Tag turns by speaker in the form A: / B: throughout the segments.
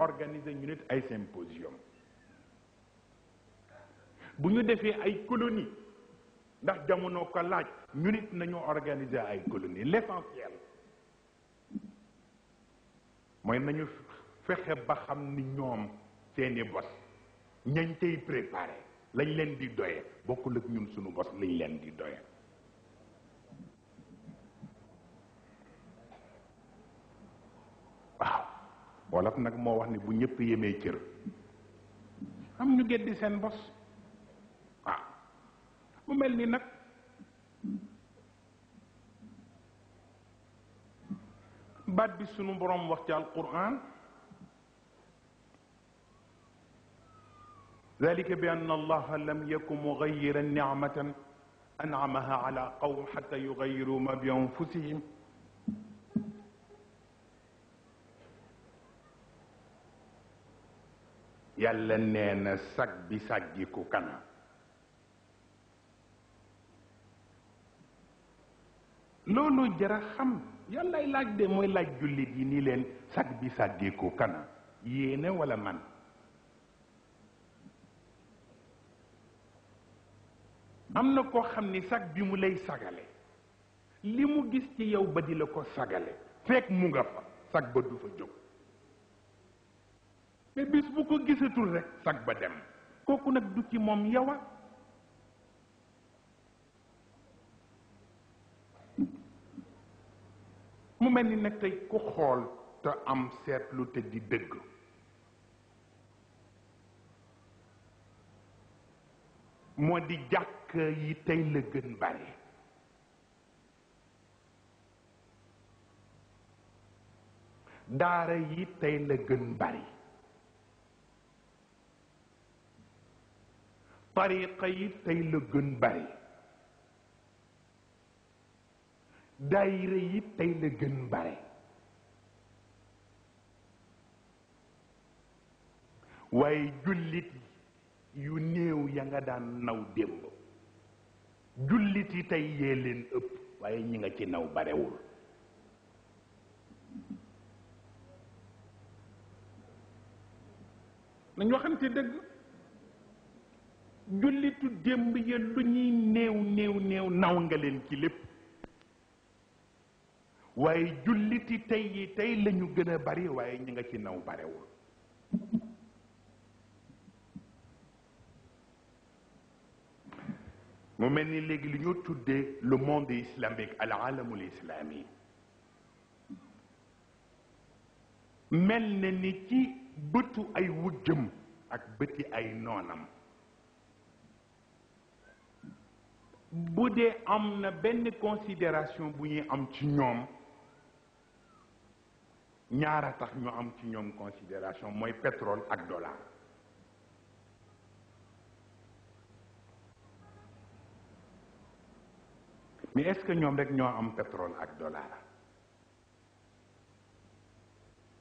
A: organiser ñu nit ay symposium bu ñu defee ay colonie ndax jamono ko laaj ñu nit nañu organiser ay colonie l'essentiel moy nañu fexé ba xam ni ñoom seeni bos ñañ tay préparer lañ leen di doye bokku lek ñun suñu bos lañ leen di doye wolof nak mo wax ni bu ñëpp yeme cër am ñu geddi seen boss waaw mu melni nak nag baat bi sunu borom wax ci alquran ذلك بأن الله لم يكن مغيرا نعمة أنعمها على قوم حتى يغيروا ما بأنفسهم yàlla nee na sag bi sàggiku kanam loolu jara xam yàllay laaj de mooy laaj jullit yi ni leen sag bi sàggiku kanam yéene wala man am na koo xam ni sag bi mu lay sagale li mu gis ci yow ba di la ko sagale fekk mu nga fa sag ba du fa jóg te bis bu ko gisatul rek sag ba dem kooku nag du ci moom yawa mu mel ni nag tey ku xool te am seetlu te di dëgg moo di jàkk yi tey la gën bari daara yi tey la gën bari tariqa yi tey la gën bari daayira yi tey la gën bare waaye jullit yu néew ya nga daan naw démb jullit yi tey yee leen ëpp waaye ñi nga ci naw barewul nañ waxante dëgg jullitu démb ya lu ñuy néew néew néew naw nga leen ci lépp waaye julliti tey yi tey la ñu gën a bari waaye ñu nga ci naw barewul mu mel ni léegi li ñu tuddee le monde islamique al alamul islami mel na ni ci bëtu ay wujjëm ak bëti ay noonam bu dee am na benn considération bu ñuy am ci ñoom ñaara a tax ñu am ci ñoom considération moy pétrole ak dollar mais est-ce que ñoom rek ñoo am pétrole ak dollar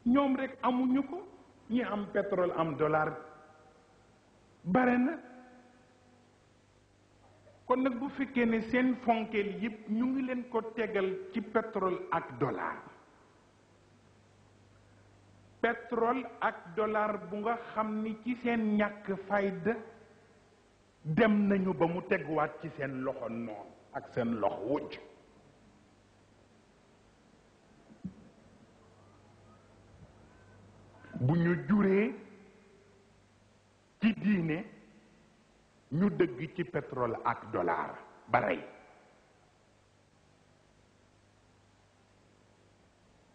A: ñoom rek amuñu ko ñi am pétrole am dollar bare na kon nag bu fikkee ne seen fonkeel yëpp ñu ngi leen ko tegal ci pétrole ak dollar pétrole ak dollar bu nga xam ni ci seen ñàkk fayda dem nañu ba mu teguwaat ci seen loxo noon ak seen loxo wujj bu ñu juree ci diine ñu dëgg ci pétrole ak dollar ba rey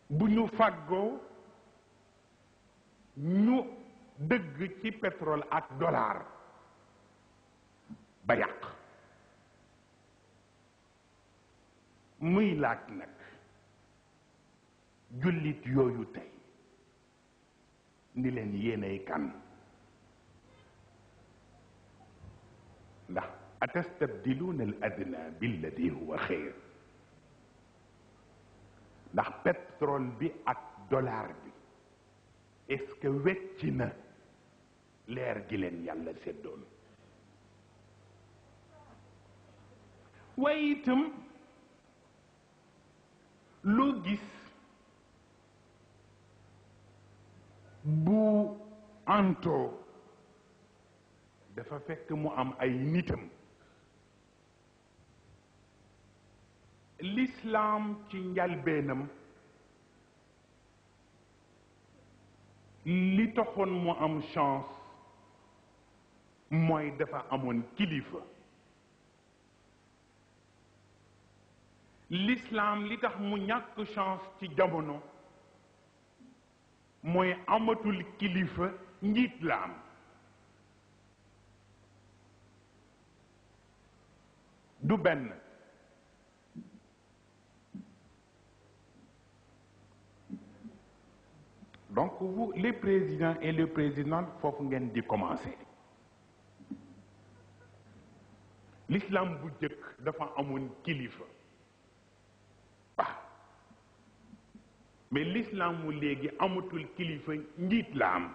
A: bu ñu fàggoo ñu dëgg ci pétrole ak dollar ba yàq muy laaj nag jullit yooyu tey ni leen yéenay kan أتستبدلون الأدنى بالذي هو خير نح بترول بي أك دولار بي إسك ويتنا لير جلن يالا سيدون ويتم لوجيس بو أنتو دفا فك مو أم أي نيتم lislaam ci njalbeenam li taxoon mu am chance mooy dafa amoon kilifa lislaam li tax mu ñàkk chance ci jamono mooy amatul kilifa njiit la am du benn donc vous les présidents et les présidentes faut ngeen di commencer l'islam bu d'afin dafa amoon kilifa Pas. Ah. mais l'islam mu léegi amatul kilifa njiit la am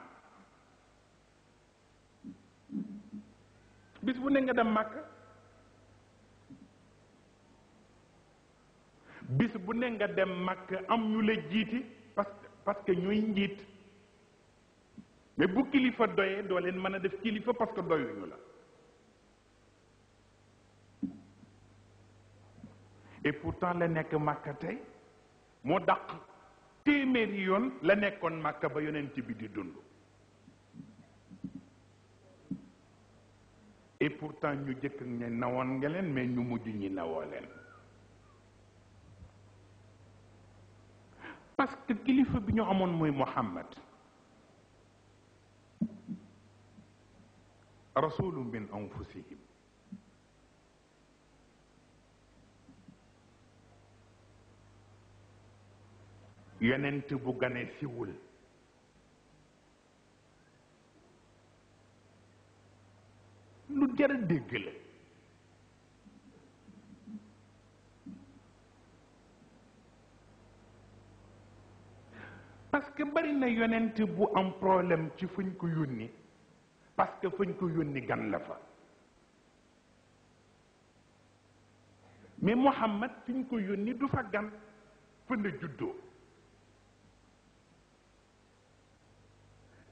A: bis bu ne nga dem màkk bis bu ne nga dem màkk am ñu la parce que ñooy njiit mais bu kilifa doyee doo leen mën a def kilifa parce que doyuñu la et pourtant la nekk màkka tey moo dàq téeméeri yoon la nekkoon màkka ba yonent bi di dund et pourtant ñu jëkk ñi nawoon nga leen mais ñu mujj ñi nawoo leen parce que kilifa bi ñu amoon muy muhammad rasulun min anfusihim yonent bu gane siwul lu jar a dégg la parce que bari na yonent bu am problème ci fuñ ko yónni parce que fuñ ko yónni gan la fa mais Muhammad fiñ ko yónni du fa gan fa la juddoo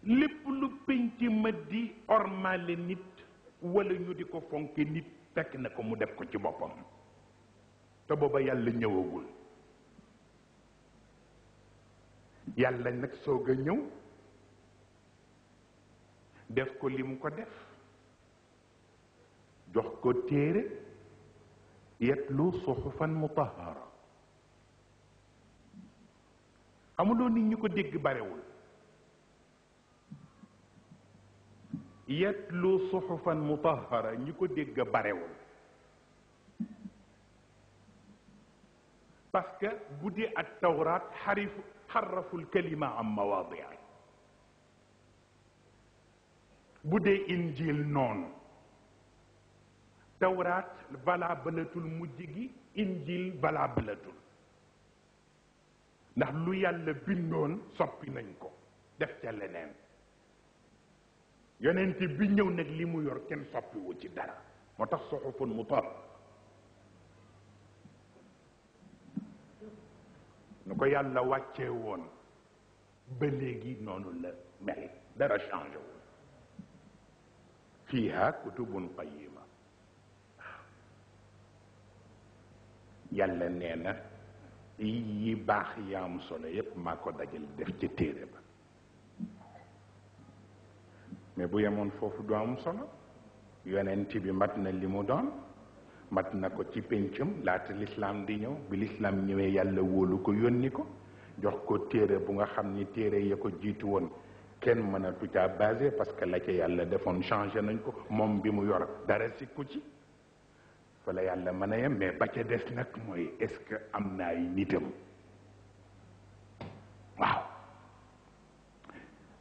A: lépp lu penc ma di ormale nit wala ñu di ko fonke nit fekk na ko mu def ko ci boppam te booba yàlla ñëwagul yàlla nag soog a ñëw def ko li mu ko def jox ko téere yatlu suxufan mutahara xamuloo nit ñu ko dégg barewul yatlu suxufan mutahara ñu ko dégg barewul parce que bu ak tawraat xarifu حرفوا الكلمة عن مواضيع بدي إنجيل نون تورات بلا بلد المجيجي إنجيل بلا بلد نح لويا لبنون صبي ننكو دفت لنام يونانتي بنيو نجلي ميور كن صبي وجدارا متصحف مطار nuko yàlla wacce won ba léegi nonu la mel dara changé wul fiha kutubun qayyima yàlla neena yi bax ya am solo yep mako ko dajal def ci tere ba mais bu yamone fofu do am solo yonenti bi matna limu don mat na ko ci péncam laata lislaam di ñëw bi lislaam ñëwee yàlla wóolu ko yónni ko jox ko téere bu nga xam ni téere ya ko jiitu woon kenn mën a tucaa basé parce que la ca yàlla defoon changé nañ ko moom bi mu yor dara sikku ci fa la yàlla mën a yem mais ba ca des nag mooy est-ce que am na ay nitam waaw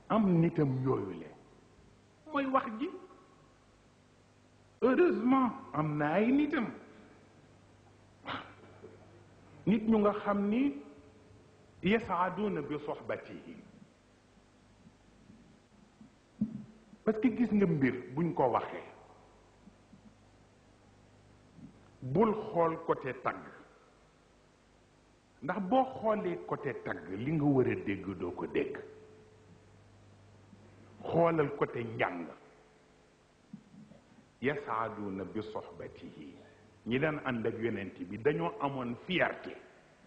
A: am nitam yooyu mooy wax ji heureusement am na ay nitam nit ñu nga xam ni yasaaduuna bi soxbatihi parce que gis nga mbir buñ ko waxee bul xool côté tagg ndax boo xoolee côté tagg li nga war a dégg doo ko dégg xoolal côté njàng yasaaduuna bi soxbatihi ñi daan ànd ak yonent bi dañoo amoon fierté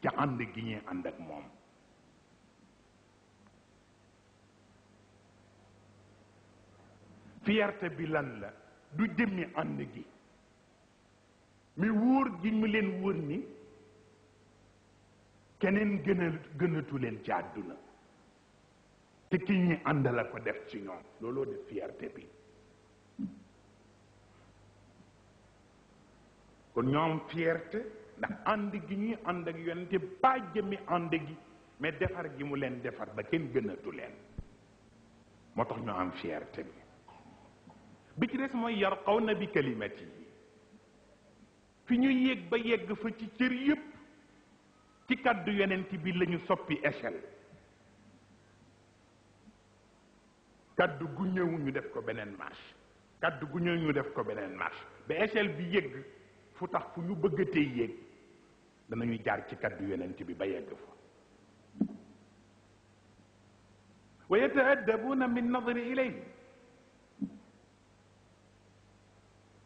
A: ca ànd gi ñuy ànd ak moom fierté bi lan la du jëmmi ànd gi mi wóor gi mu leen wóor ni keneen gën gënatu leen ci àdduna te ki ñuy ànd la ko def ci ñoom looloo def fierté bi kon ñoo am fierté ndax ànd gi ñuy ànd ak yonente ba jëmi ànd gi mais defar gi mu leen defar ba kenn gënatu leen moo tax ñoo am fierté bi bi ci des mooy yar xaw na bi kalimati yi fi ñu yéeg ba yegg fa ci cër yépp ci kàddu yonent bi lañu soppi échelle kàddu gu ñëw ñu def ko beneen marche kàddu gu ñëw ñu def ko beneen marche ba échelle bi yëgg fu tax fu ñu bëggatee yéeg danañu jaar ci kaddu yonent bi ba yegg fa wa yataaddabuuna min nadri ilayhi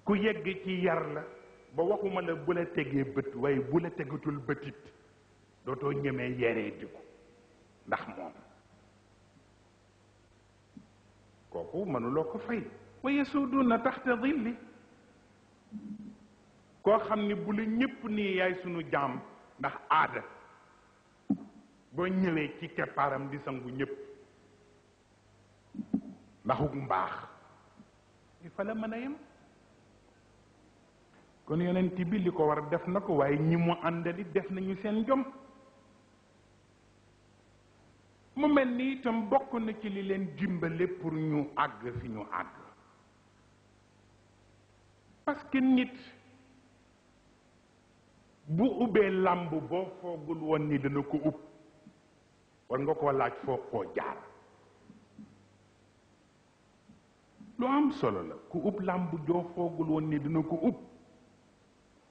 A: ku yegg ci yar la ba waxuma la bu la tegee bët waaye bu la tegatul bëtit dootoo ñemee yeree diku ndax moom kooku mënuloo ko fay wa yasuuduuna taxta dilli ko xam ni bu la ñépp nii yaay sunu jaam ndax aada boo ñëwee ci keppaaram di sangu ñépp ndaxuk mbaax i fa la mën a yem kon yonent bi li ko war def na ko waaye ñi mu àndali def nañu seen jom mu mel ni itam bokk na ci li leen dimbale pour ñu àgg fi ñu àgg parce que nit bu ubbee làmb boo foogul woon ni dana ko ub war nga koo laaj foo koo jaar lu am solo la ku ub làmb joo foogul woon ni dana ko ub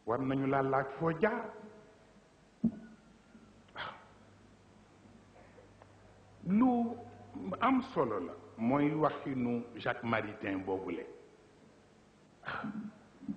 A: war nañu laa laaj foo jaar lu am solo la mooy waxinu Jacques Maritain boobule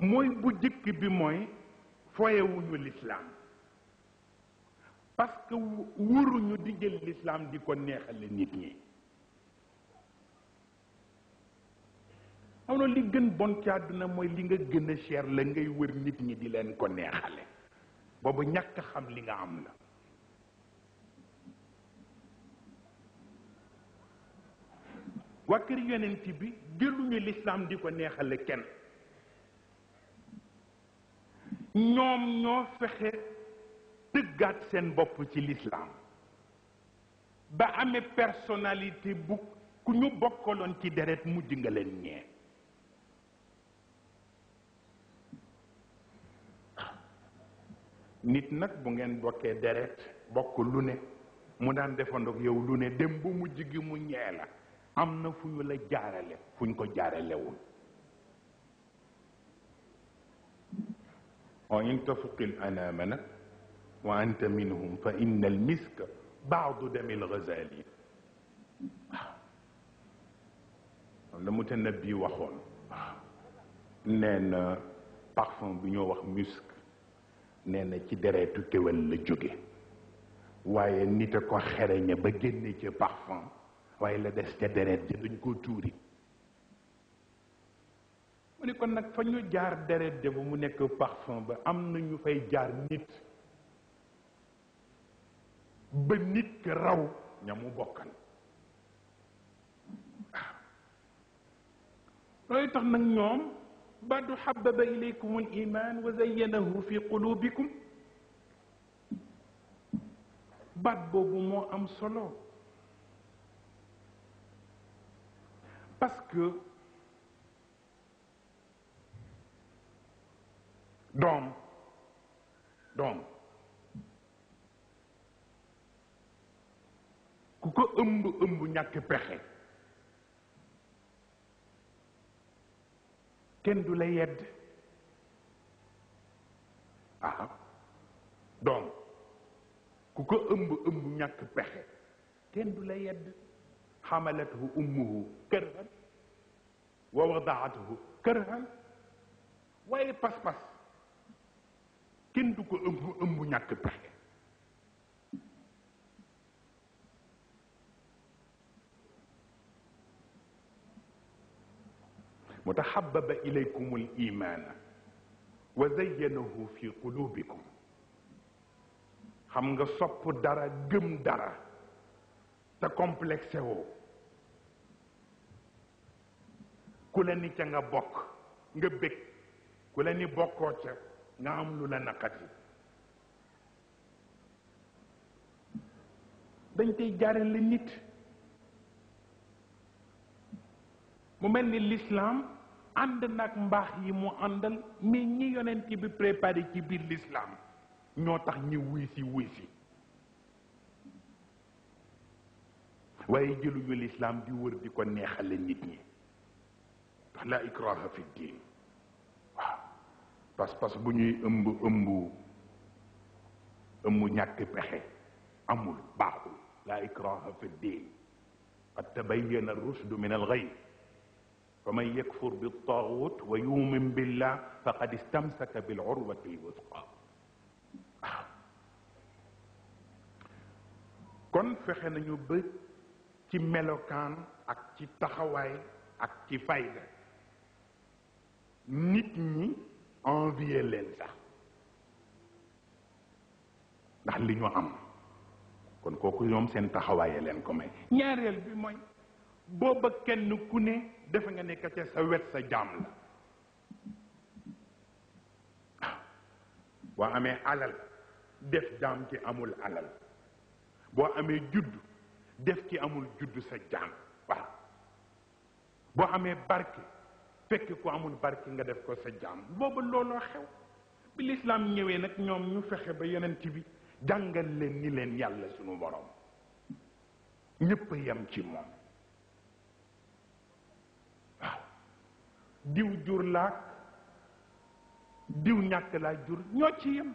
A: mooy bu jëkk bi mooy foyewuñu lislaam parce wuruñu di jël lislaam di ko neexale nit ñi am li gën bon ci àdduna mooy li nga gën a la ngay wër nit ñi di leen ko neexale boobu ñàkk xam li nga am la waa yonent bi jëluñu lislaam di ko neexale kenn ñoom ñoo fexe dëggaat seen bopp ci lislaam ba ame personnalité bu ku ñu bokkaloon ci deret mujj nga leen ñee nit nag bu ngeen bokkee deret bokk lu ne mu daan defandoog yow lu ne dem bu mujj gi mu ñee la am na fu ñu la jaarale fu ñu ko jaaralewul وإن تفق الأنامنا وأنت منهم فإن المسك بعض دم الغزال la mutanab bi waxoon nee na parfum bi ñoo wax musc nee na ci deretu kéwél la jóge waaye nit a ko xereñe ba génne ca parfum waaye la des ca deret ja dañ ko tuuri mu ni kon nak fañu jaar deret de bu mu nek parfum ba am na ñu fay jaar nit ba nit ke raw ñamu bokkan looy tax nak ñom badu habba ilaykum al iman wa zayyanahu fi qulubikum bad bobu mo am solo parce que doom doom ku ko ëmb ëmb ñàkk pexe kenn du la yedd ah doom ku ko ëmb ëmb ñakk pexe kenn du la yedd xamalathu ummuhu kërhan wa wadaathu kërhan waaye pas-pas kenn du ko ëmb ëmb ñàkk pexe moo tax xababa ilaykum al imaana wa zayyanahu fi qulubikum xam nga sopp dara gëm dara te complexé woo ku la ni ca nga bokk nga bég ku la ni bokkoo ca nga am lu la naqati dañ koy jaarale nit mu mel ni lislaam ànd nag mbaax yi mu àndal mais ñi yonent bi préparé ci biir lislaam ñoo tax ñi wuy si wuy si waaye jëluñu lislaam di wër di ko neexale nit ñi la ikraha fi diin pas-pas bu ñuy ëmb ëmbu ëmb ñàkk pexe amul baaxul laa ikraha fi ddin qad tabayyana rusdu min alxay faman yakfur bittagut wa yumin billah faqad istamsaka bilurwati lwusqa waaw kon fexe nañu ba ci melokaan ak ci taxawaay ak ci fayda nit ñi envier leen sax ndax li ñu am kon kooku ñoom seen taxawaaye leen ko may ñaareel bi mooy booba kenn ku ne defe nga nekk ca sa wet sa jaam la boo amee alal def jaam ci amul alal boo amee judd def ki amul judd sa jaam waaw boo amee barke fekk ku amul barki nga def ko sa jaam bobu lolo xew bi l'islam ñewé nak ñom ñu fexe ba yonent bi jàngal leen ni leen yàlla sunu borom ñépp yam ci mom diw jur laak diw ñak la jur ñoo ci yem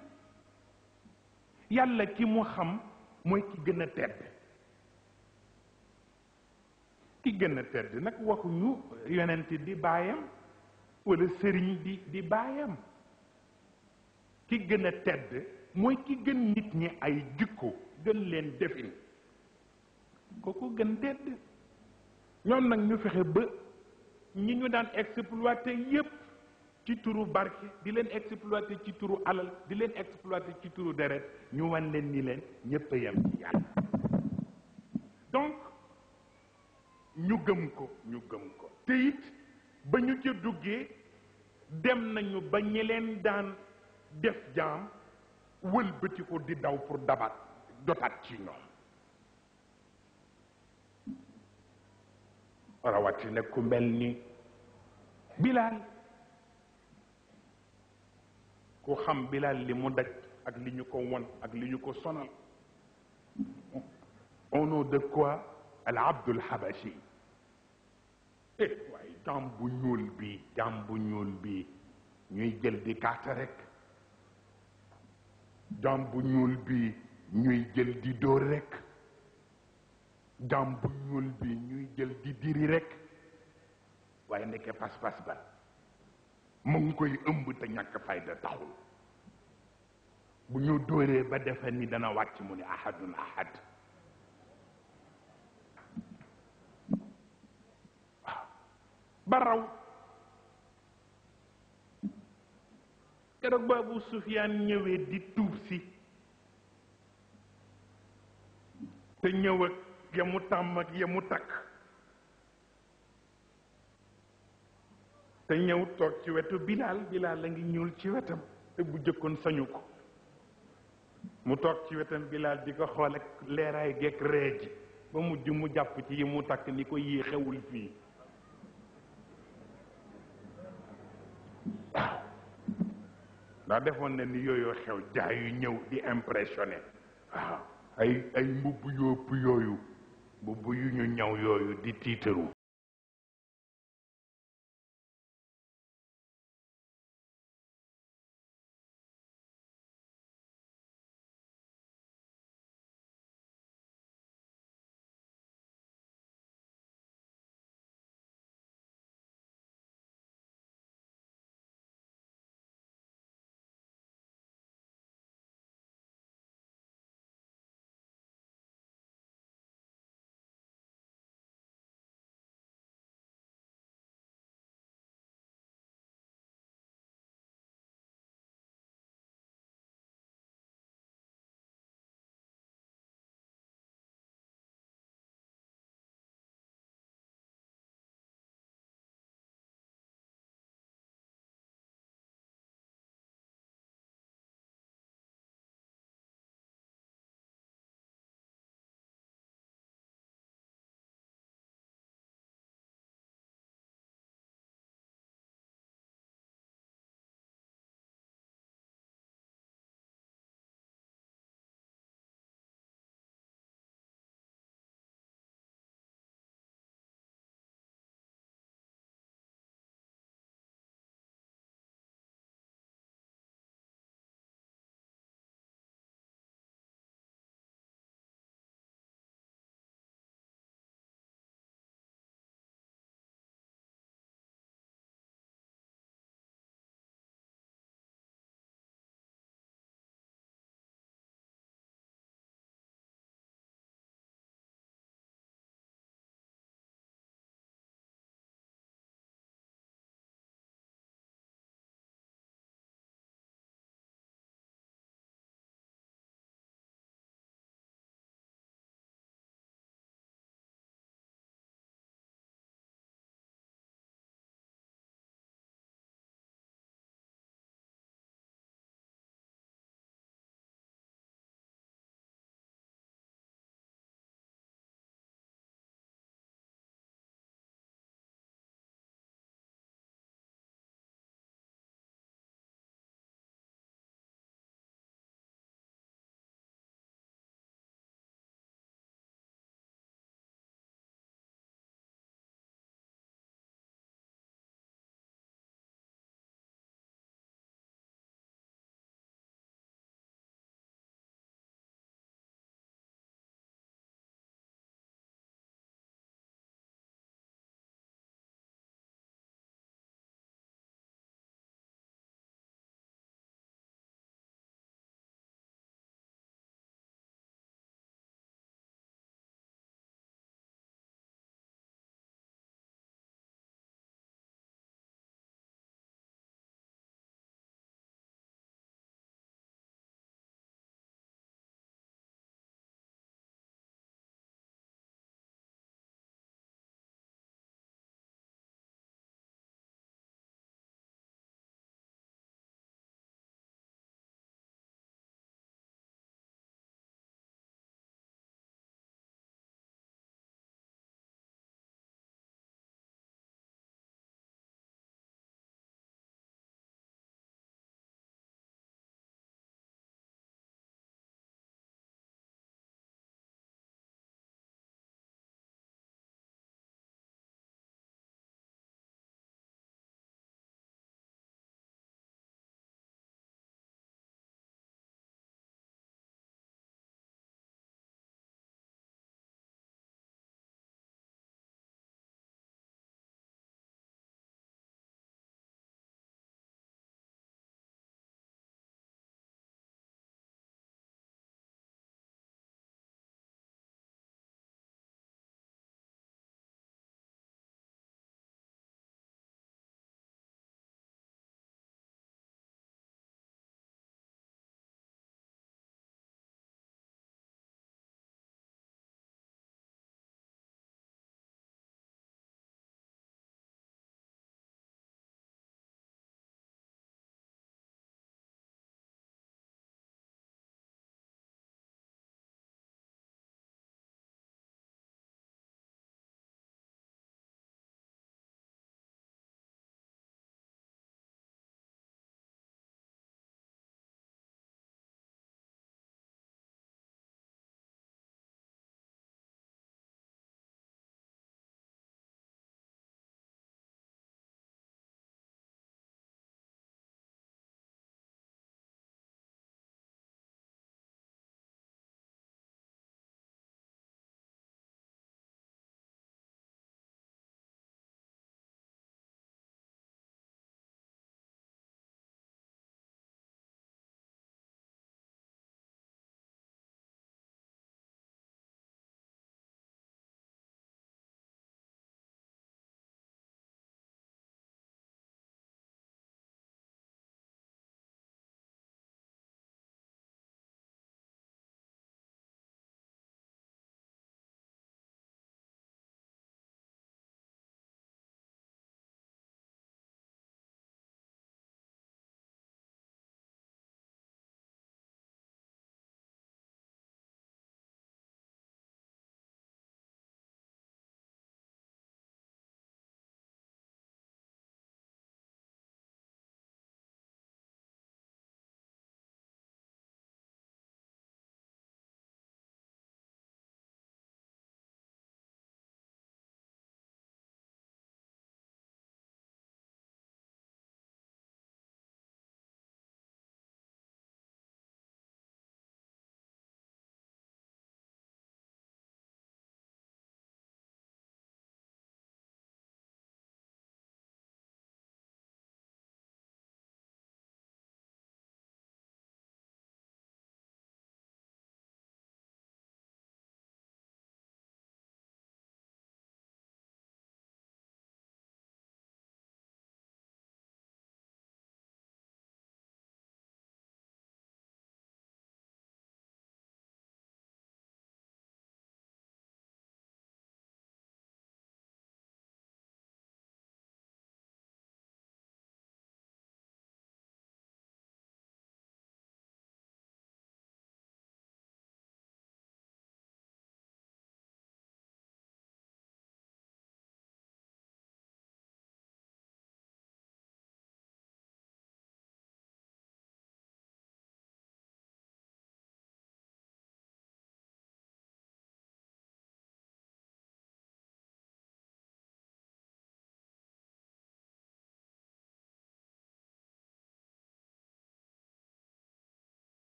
A: yàlla ki mu xam moy ki gëna a tedd ki gën a tedd nag waxuñu yonent di baayam wala sëriñ di di baayam ki gëna tedd mooy ki gën nit ñi ay jikko gën leen defin kooku gën tedd ñoom nag ñu fexe ba ñi ñu daan exploité yépp ci turu barke di leen exploité ci turu alal di leen exploité ci turu deret ñu wan leen ni leen ñépp a yem yàlla donc ñu gëm ko ñu gëm ko te it ba ñu ca duggee dem nañu ba ñi leen daan def jaam wëlbati ko di daw pour dabat dotaat ci ñoom rawatina ku mel ni bilaal ku xam bilaal li mu daj ak li ñu ko won ak li ñu ko sonal au nom de العبد الحبشي ايه واي جامبو نيول بي جامبو نيول بي ني جيل دي كارت رك جامبو نيول بي ني جيل دي دور رك جامبو نيول بي ني جيل دي ديري رك واي نيكي باس باس با مونكوي امب تا نياك فايده تاخول بو نيو دوري با دافا ني دانا واتي موني احد احد ba raw keroog boobu Sufyaan ñëwee di tuub si te ñëw ak mu tàmm ak ya mu takk te ñëw toog ci wetu Bilaal Bilaal la ngi ñuul ci wetam te bu jëkkoon sañu ko mu toog ci wetam Bilaal di ko xool ak leeraay geeg ree ji ba mujj mu jàpp ci yi mu takk ni ko yii xewul fii ndax defoon na ni yooyu xew jaay yu ñëw di impressionné waaw ay ay mbubb yópp yooyu mbubb yu ñu ñaw yooyu di tiitaru